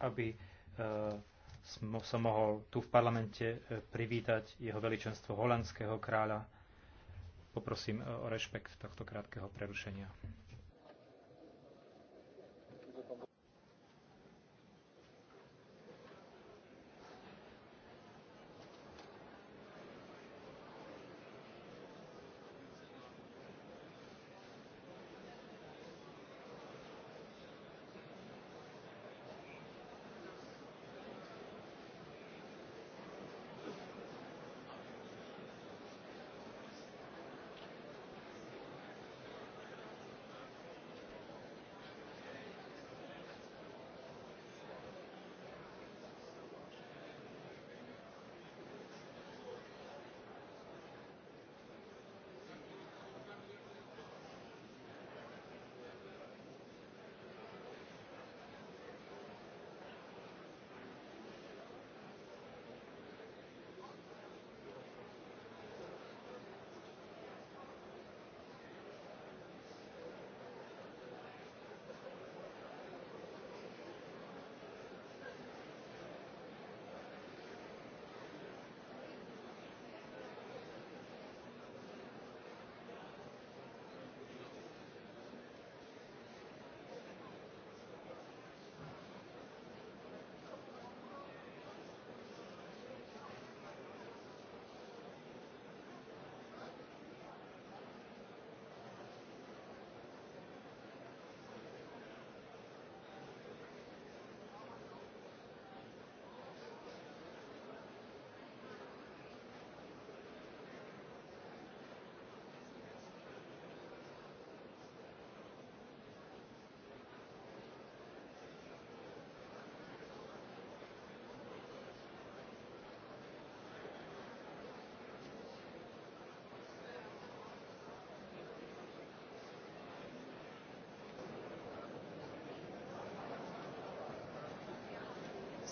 aby e, som mohol tu v parlamente e, privítať jeho veličenstvo holandského kráľa. Poprosím o rešpekt tohto krátkeho prerušenia.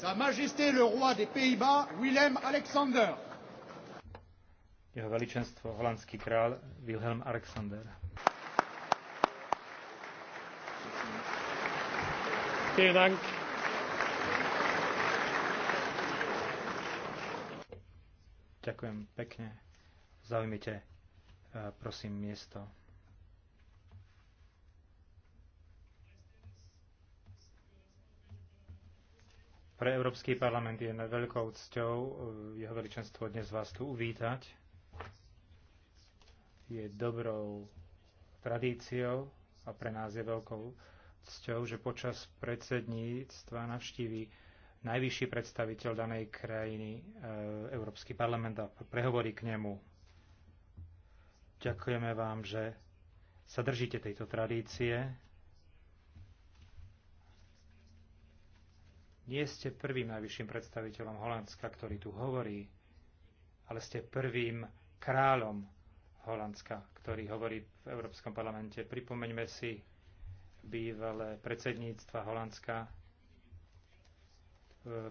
Sa Majesté le roi des Pays-Bas, Willem Alexander. Jeho veličenstvo holandský král Wilhelm Alexander. Dank. Ďakujem pekne. Zaujmite eh, prosím miesto. Pre Európsky parlament je veľkou cťou eh, jeho veličenstvo dnes vás tu uvítať. Je dobrou tradíciou a pre nás je veľkou cťou, že počas predsedníctva navštíví najvyšší predstaviteľ danej krajiny eh, Európsky parlament a prehovorí k nemu. Ďakujeme vám, že sa držíte tejto tradície Nie ste prvým najvyšším predstaviteľom Holandska, ktorý tu hovorí, ale ste prvým kráľom Holandska, ktorý hovorí v Európskom parlamente. Pripomeňme si bývalé predsedníctva Holandska, e,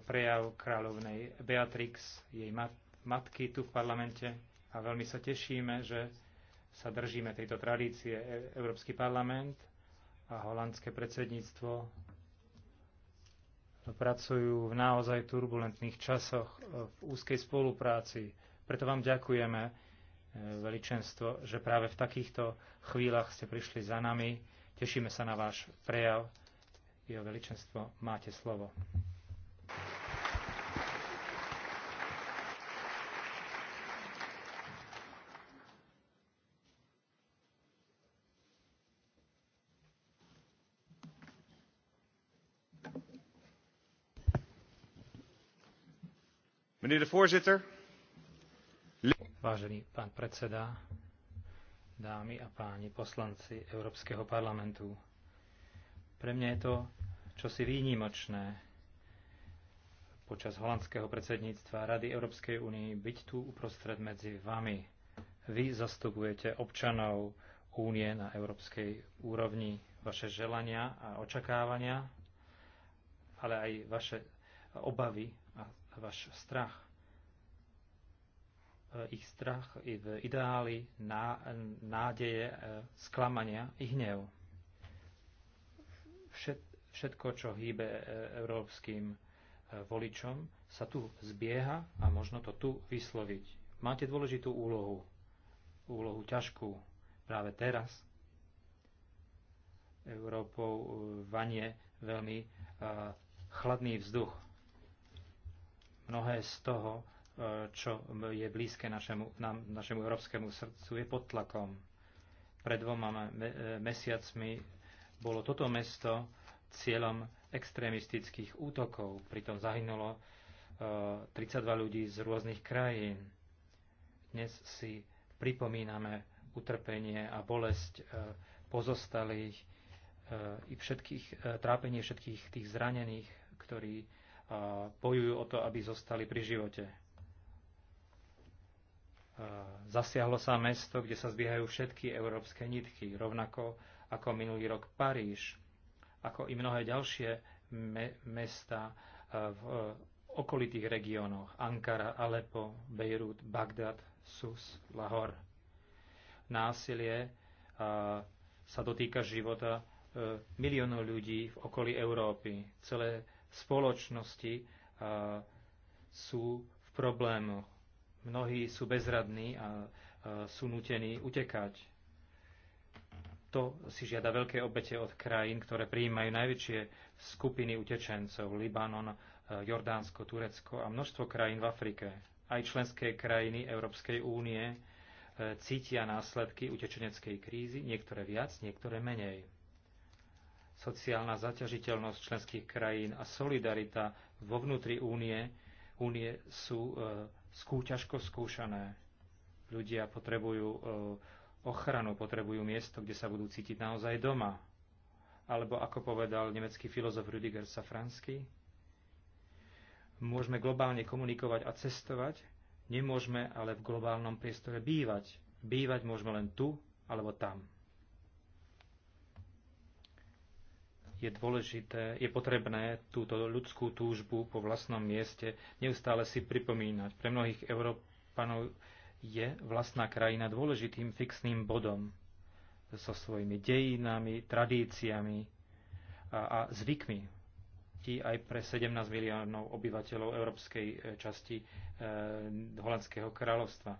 prejav kráľovnej Beatrix, jej mat- matky tu v parlamente a veľmi sa tešíme, že sa držíme tejto tradície. E, Európsky parlament a holandské predsedníctvo pracujú v naozaj turbulentných časoch e, v úzkej spolupráci. Preto vám ďakujeme, e, veličenstvo, že práve v takýchto chvíľach ste prišli za nami. Tešíme sa na váš prejav. Jeho veličenstvo, máte slovo. Vážený pán predseda, dámy a páni poslanci Európskeho parlamentu, pre mňa je to čosi výnimočné počas holandského predsedníctva Rady Európskej únie byť tu uprostred medzi vami. Vy zastupujete občanov únie na európskej úrovni, vaše želania a očakávania, ale aj vaše obavy a váš strach. E, ich strach, ideály, nádeje, e, sklamania ich hnev. Všetko, čo hýbe e, európskym voličom, sa tu zbieha a možno to tu vysloviť. Máte dôležitú úlohu, úlohu ťažkú práve teraz. Európou vanie veľmi chladný vzduch. Mnohé z toho, čo je blízke našemu, nám, našemu európskemu srdcu, je pod tlakom. Pred dvoma mesiacmi bolo toto mesto cieľom extrémistických útokov. Pritom zahynulo 32 e, ľudí z rôznych krajín. Dnes si pripomíname utrpenie a bolesť e, pozostalých e, i všetkých, trápenie všetkých tých zranených, ktorí bojujú o to, aby zostali pri živote. E, zasiahlo sa mesto, kde sa zbiehajú všetky európske nitky, rovnako ako minulý rok Paríž, ako i mnohé ďalšie me- mesta e, v e, okolitých regiónoch Ankara, Alepo, Bejrút, Bagdad, Sus, Lahor. Násilie sa dotýka života miliónov ľudí v okolí Európy. Celé spoločnosti sú v problémoch Mnohí sú bezradní a sú nutení utekať. To si žiada veľké obete od krajín, ktoré prijímajú najväčšie skupiny utečencov. Libanon, e, Jordánsko, Turecko a množstvo krajín v Afrike. Aj členské krajiny Európskej únie e, cítia následky utečeneckej krízy, niektoré viac, niektoré menej sociálna zaťažiteľnosť členských krajín a solidarita vo vnútri únie, únie sú e, Skú ťažko skúšané. Ľudia potrebujú e, ochranu, potrebujú miesto, kde sa budú cítiť naozaj doma. Alebo ako povedal nemecký filozof Rüdiger Safransky, môžeme globálne komunikovať a cestovať, nemôžeme ale v globálnom priestore bývať. Bývať môžeme len tu alebo tam. je dôležité, je potrebné túto ľudskú túžbu po vlastnom mieste neustále si pripomínať. Pre mnohých Európanov je vlastná krajina dôležitým fixným bodom so svojimi dejinami, tradíciami a, a zvykmi. I aj pre 17 miliónov obyvateľov európskej e, časti e, Holandského kráľovstva.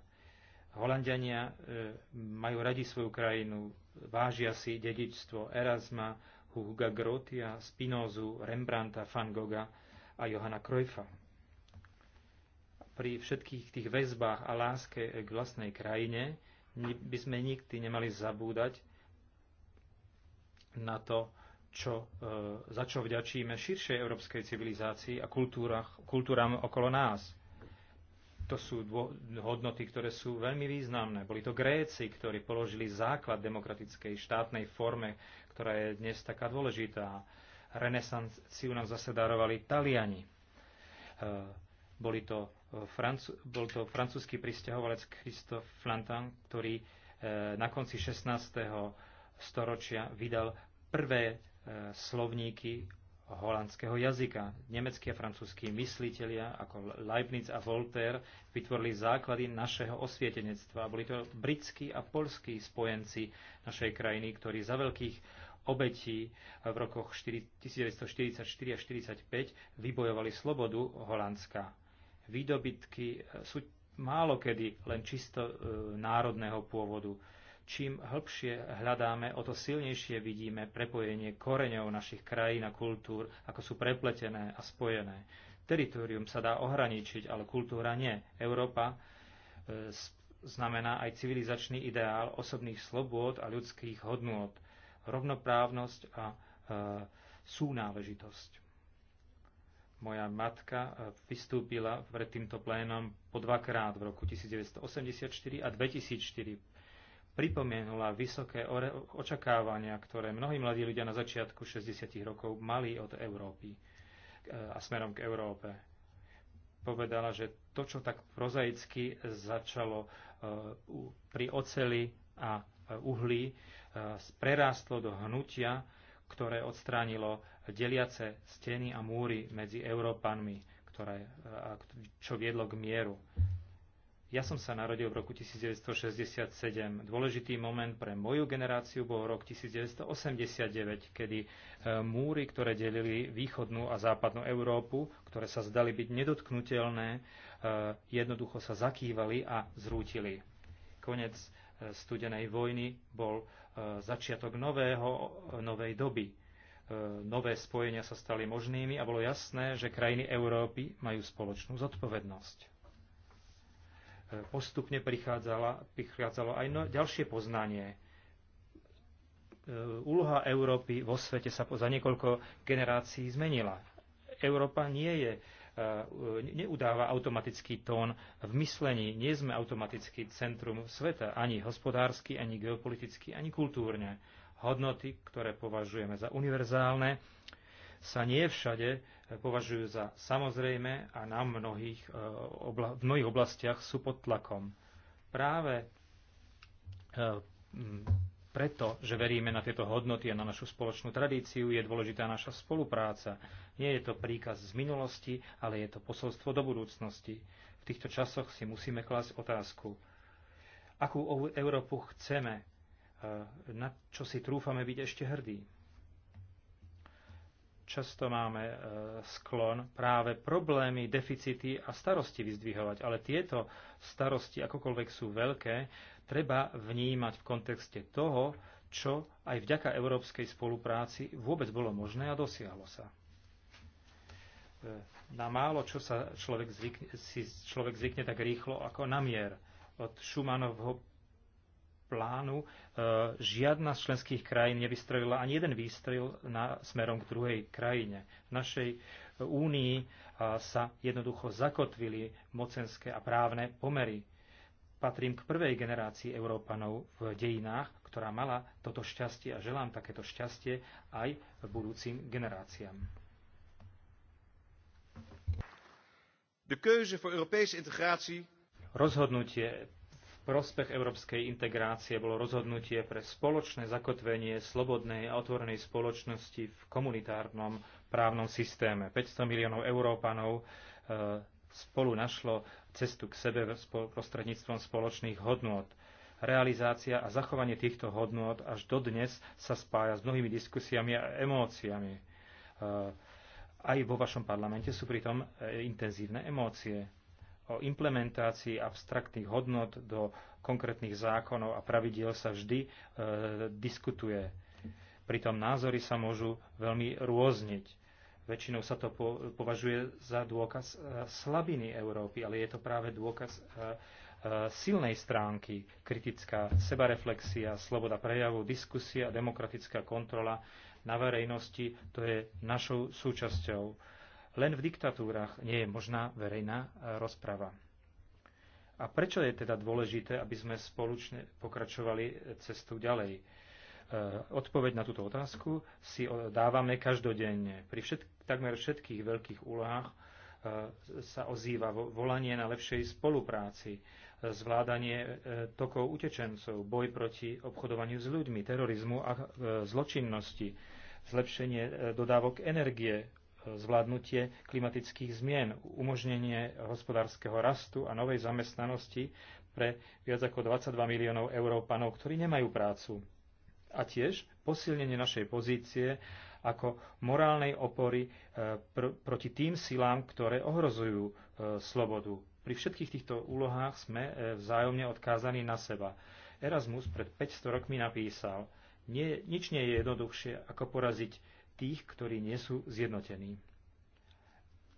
Holandiania e, majú radi svoju krajinu, vážia si dedičstvo Erasma, Huga Grotia, Spinozu, Rembrandta, Van Gogha a Johana Krojfa. Pri všetkých tých väzbách a láske k vlastnej krajine by sme nikdy nemali zabúdať na to, čo, e, za čo vďačíme širšej európskej civilizácii a kultúram okolo nás to sú hodnoty, ktoré sú veľmi významné. Boli to Gréci, ktorí položili základ demokratickej štátnej forme, ktorá je dnes taká dôležitá. Renesanciu nám zase darovali Taliani. E, boli to, e, Francu- bol to francúzsky pristahovalec Christophe Flantin, ktorý e, na konci 16. storočia vydal prvé slovníky holandského jazyka. Nemeckí a francúzskí myslitelia ako Leibniz a Voltaire vytvorili základy našeho osvietenectva. Boli to britskí a polskí spojenci našej krajiny, ktorí za veľkých obetí v rokoch 1944 a 1945 vybojovali slobodu Holandska. Výdobytky sú málo kedy len čisto e, národného pôvodu Čím hĺbšie hľadáme, o to silnejšie vidíme prepojenie koreňov našich krajín a kultúr, ako sú prepletené a spojené. Teritorium sa dá ohraničiť, ale kultúra nie. Európa e, znamená aj civilizačný ideál osobných slobôd a ľudských hodnôt, rovnoprávnosť a e, súnáležitosť. Moja matka e, vystúpila pred týmto plénom po dvakrát v roku 1984 a 2004 pripomenula vysoké očakávania, ktoré mnohí mladí ľudia na začiatku 60 rokov mali od Európy e, a smerom k Európe. Povedala, že to, čo tak prozaicky začalo e, pri oceli a e, uhlí, prerástlo do hnutia, ktoré odstránilo deliace steny a múry medzi Európanmi, ktoré, čo viedlo k mieru. Ja som sa narodil v roku 1967. Dôležitý moment pre moju generáciu bol rok 1989, kedy e, múry, ktoré delili východnú a západnú Európu, ktoré sa zdali byť nedotknutelné, e, jednoducho sa zakývali a zrútili. Konec e, studenej vojny bol začiatok nového, novej doby. Nové spojenia sa stali možnými a bolo jasné, že krajiny Európy majú spoločnú zodpovednosť postupne prichádzalo aj no, ďalšie poznanie. E, úloha Európy vo svete sa za niekoľko generácií zmenila. Európa nie je, e, e, neudáva automatický tón v myslení. Nie sme automaticky centrum sveta, ani hospodársky, ani geopoliticky, ani kultúrne. Hodnoty, ktoré považujeme za univerzálne, sa nie všade eh, považujú za samozrejme a na mnohých, eh, v mnohých oblastiach sú pod tlakom. Práve eh, preto, že veríme na tieto hodnoty a na našu spoločnú tradíciu, je dôležitá naša spolupráca. Nie je to príkaz z minulosti, ale je to posolstvo do budúcnosti. V týchto časoch si musíme klásť otázku, akú Európu chceme, na čo si trúfame byť ešte hrdí. Často máme e, sklon práve problémy, deficity a starosti vyzdvihovať, ale tieto starosti, akokoľvek sú veľké, treba vnímať v kontexte toho, čo aj vďaka európskej spolupráci vôbec bolo možné a dosiahlo sa. E, na málo čo sa človek zvykne, si človek zvykne tak rýchlo ako na mier. Od Šumanovho plánu e, žiadna z členských krajín nevystrelila ani jeden výstrel na, smerom k druhej krajine. V našej únii e, sa jednoducho zakotvili mocenské a právne pomery. Patrím k prvej generácii Európanov v dejinách, ktorá mala toto šťastie a želám takéto šťastie aj budúcim generáciám. De keuze voor Europese integratie Rozhodnutie prospech európskej integrácie bolo rozhodnutie pre spoločné zakotvenie slobodnej a otvorenej spoločnosti v komunitárnom právnom systéme. 500 miliónov Európanov e, spolu našlo cestu k sebe prostredníctvom spoločných hodnôt. Realizácia a zachovanie týchto hodnôt až dodnes sa spája s mnohými diskusiami a emóciami. E, aj vo vašom parlamente sú pritom e, intenzívne emócie o implementácii abstraktných hodnot do konkrétnych zákonov a pravidiel sa vždy e, diskutuje. Pritom názory sa môžu veľmi rôzniť. Väčšinou sa to po, považuje za dôkaz e, slabiny Európy, ale je to práve dôkaz e, e, silnej stránky, kritická sebareflexia, sloboda prejavu, diskusia, demokratická kontrola na verejnosti, to je našou súčasťou len v diktatúrach nie je možná verejná e, rozprava. A prečo je teda dôležité, aby sme spoločne pokračovali e, cestu ďalej? E, odpoveď na túto otázku si dávame každodenne. Pri všetk- takmer všetkých veľkých úlohách sa ozýva volanie na lepšej spolupráci, zvládanie tokov utečencov, boj proti obchodovaniu s ľuďmi, terorizmu a zločinnosti, zlepšenie dodávok energie, zvládnutie klimatických zmien, umožnenie hospodárskeho rastu a novej zamestnanosti pre viac ako 22 miliónov Európanov, ktorí nemajú prácu. A tiež posilnenie našej pozície ako morálnej opory e, pr- proti tým silám, ktoré ohrozujú e, slobodu. Pri všetkých týchto úlohách sme e, vzájomne odkázaní na seba. Erasmus pred 500 rokmi napísal, nie, nič nie je jednoduchšie, ako poraziť tých, ktorí nie sú zjednotení.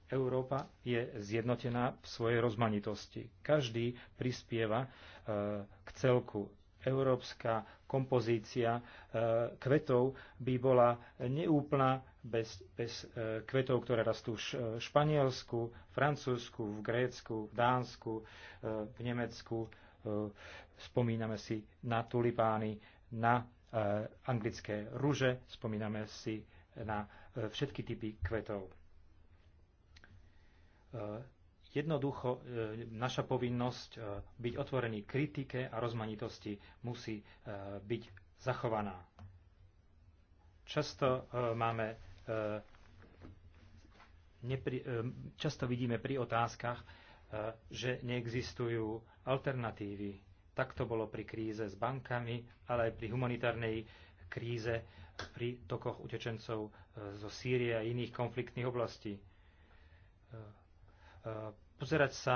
Európa je zjednotená v svojej rozmanitosti. Každý prispieva e, k celku. Európska kompozícia e, kvetov by bola neúplná bez, bez e, kvetov, ktoré rastú v Španielsku, Francúzsku, v Grécku, v Dánsku, v Nemecku. Spomíname si na tulipány, na anglické ruže, spomíname si na e, všetky typy kvetov. E, jednoducho e, naša povinnosť byť otvorený kritike a rozmanitosti musí byť zachovaná. Často máme často vidíme pri otázkach, že neexistujú alternatívy. Tak to bolo pri kríze s bankami, ale aj pri humanitárnej kríze pri tokoch utečencov e, zo Sýrie a iných konfliktných oblastí. E, e, pozerať sa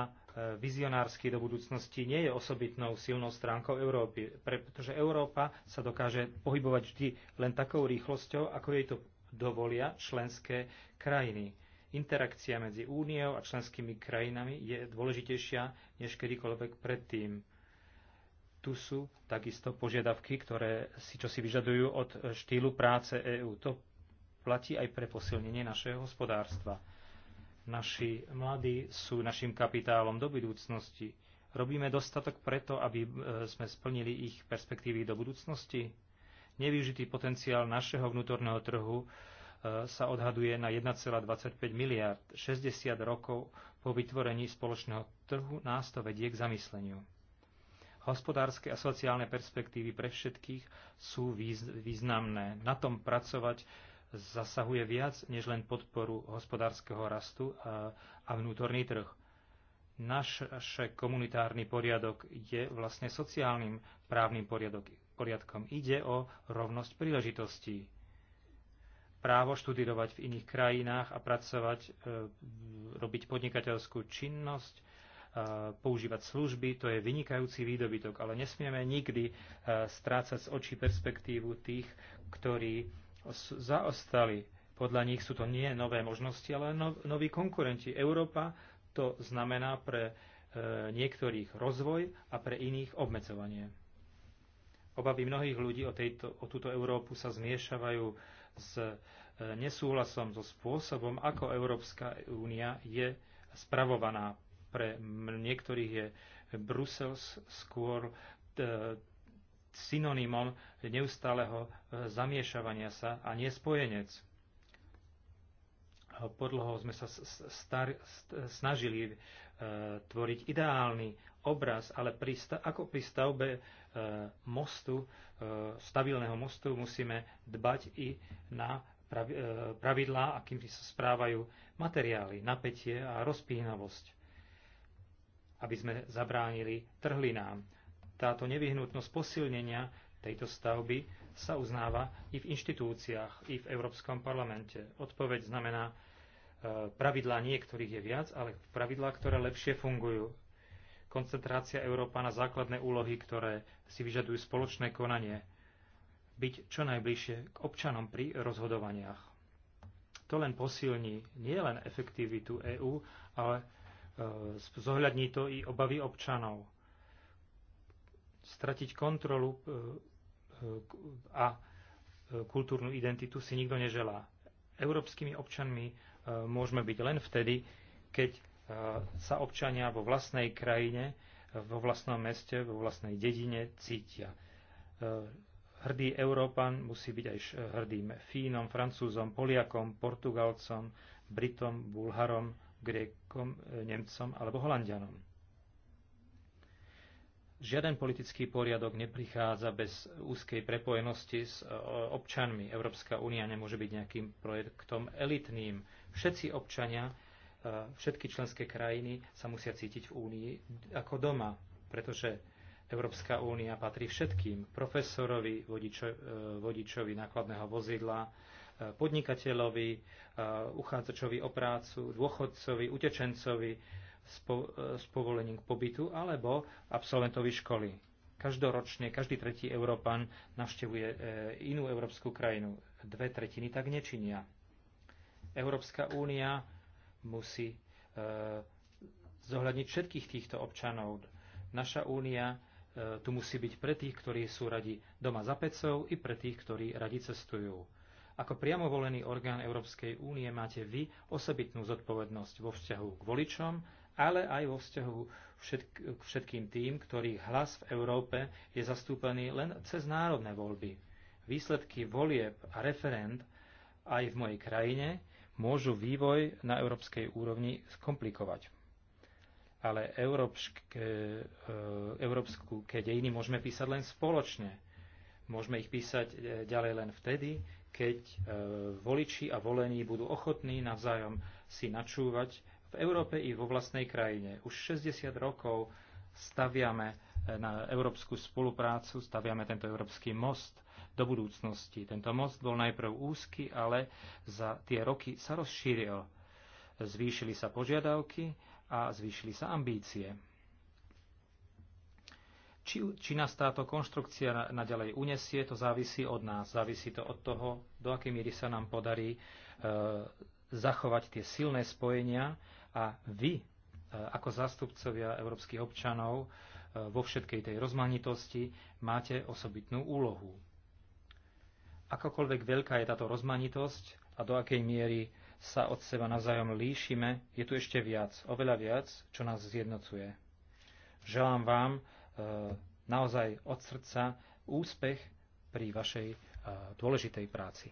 vizionársky do budúcnosti nie je osobitnou silnou stránkou Európy, pretože Európa sa dokáže pohybovať vždy len takou rýchlosťou, ako jej to dovolia členské krajiny. Interakcia medzi Úniou a členskými krajinami je dôležitejšia než kedykoľvek predtým. Tu sú takisto požiadavky, ktoré si čo si vyžadujú od štýlu práce EÚ. To platí aj pre posilnenie našeho hospodárstva. Naši mladí sú našim kapitálom do budúcnosti. Robíme dostatok preto, aby e, sme splnili ich perspektívy do budúcnosti? Nevyužitý potenciál našeho vnútorného trhu e, sa odhaduje na 1,25 miliard. 60 rokov po vytvorení spoločného trhu nás to vedie k zamysleniu. Hospodárske a sociálne perspektívy pre všetkých sú významné. Na tom pracovať zasahuje viac než len podporu hospodárskeho rastu a vnútorný trh. Náš komunitárny poriadok je vlastne sociálnym právnym poriadok, poriadkom. Ide o rovnosť príležitostí. Právo študovať v iných krajinách a pracovať, e, robiť podnikateľskú činnosť, používať služby, to je vynikajúci výdobytok, ale nesmieme nikdy e, strácať z očí perspektívu tých, ktorí zaostali. Podľa nich sú to nie nové možnosti, ale no, noví konkurenti. Európa to znamená pre e, niektorých rozvoj a pre iných obmedzovanie. Obavy mnohých ľudí o, tejto, o túto Európu sa zmiešavajú s e, nesúhlasom so spôsobom, ako Európska únia je spravovaná. Pre niektorých je Brusel skôr synonymom neustáleho e, zamiešavania sa a nespojenec. Podloho sme sa star, snažili e, tvoriť ideálny obraz, ale pri, ako pri stavbe e, mostu, stabilného mostu, musíme dbať i na pravidlá, akým sa správajú materiály, napätie a rozpínavosť aby sme zabránili trhlinám. Táto nevyhnutnosť posilnenia tejto stavby sa uznáva i v inštitúciách, i v Európskom parlamente. Odpoveď znamená, e, pravidlá niektorých je viac, ale pravidlá, ktoré lepšie fungujú. Koncentrácia Európa na základné úlohy, ktoré si vyžadujú spoločné konanie. Byť čo najbližšie k občanom pri rozhodovaniach. To len posilní nielen efektivitu EÚ, ale E, zohľadní to i obavy občanov. Stratiť kontrolu e, e, a kultúrnu identitu si nikto neželá. Európskymi občanmi môžeme byť len vtedy, keď sa občania vo vlastnej krajine, vo vlastnom meste, vo vlastnej dedine cítia. Hrdý Európan musí byť aj hrdým Fínom, Francúzom, Poliakom, Portugalcom, Britom, Bulharom, Grékom, e, Nemcom alebo Holandianom. Žiaden politický poriadok neprichádza bez úzkej prepojenosti s e, občanmi. Európska únia nemôže byť nejakým projektom elitným. Všetci občania, e, všetky členské krajiny sa musia cítiť v únii ako doma, pretože Európska únia patrí všetkým. Profesorovi, vodičo, vodičovi nákladného vozidla, podnikateľovi, uchádzačovi o prácu, dôchodcovi, utečencovi e, s povolením k pobytu alebo absolventovi školy. Každoročne každý tretí Európan navštevuje e, inú európsku krajinu. Dve tretiny tak nečinia. Európska únia musí e, zohľadniť všetkých týchto občanov. Naša únia tu musí byť pre tých, ktorí sú radi doma za pecov i pre tých, ktorí radi cestujú ako priamo volený orgán Európskej únie máte vy osobitnú zodpovednosť vo vzťahu k voličom, ale aj vo vzťahu všetk- k všetkým tým, ktorých hlas v Európe je zastúpený len cez národné voľby. Výsledky volieb a referend aj v mojej krajine môžu vývoj na európskej úrovni skomplikovať. Ale európske, e, európske dejiny môžeme písať len spoločne. Môžeme ich písať e, ďalej len vtedy, keď e, voliči a volení budú ochotní navzájom si načúvať v Európe i vo vlastnej krajine. Už 60 rokov staviame e, na európsku spoluprácu, staviame tento európsky most do budúcnosti. Tento most bol najprv úzky, ale za tie roky sa rozšíril. Zvýšili sa požiadavky a zvýšili sa ambície či, či nás táto konštrukcia naďalej unesie, to závisí od nás. Závisí to od toho, do akej míry sa nám podarí e, zachovať tie silné spojenia a vy, e, ako zástupcovia európskych občanov, e, vo všetkej tej rozmanitosti máte osobitnú úlohu. Akokoľvek veľká je táto rozmanitosť a do akej miery sa od seba navzájom líšime, je tu ešte viac, oveľa viac, čo nás zjednocuje. Želám vám, E, naozaj od srdca úspech pri vašej e, dôležitej práci.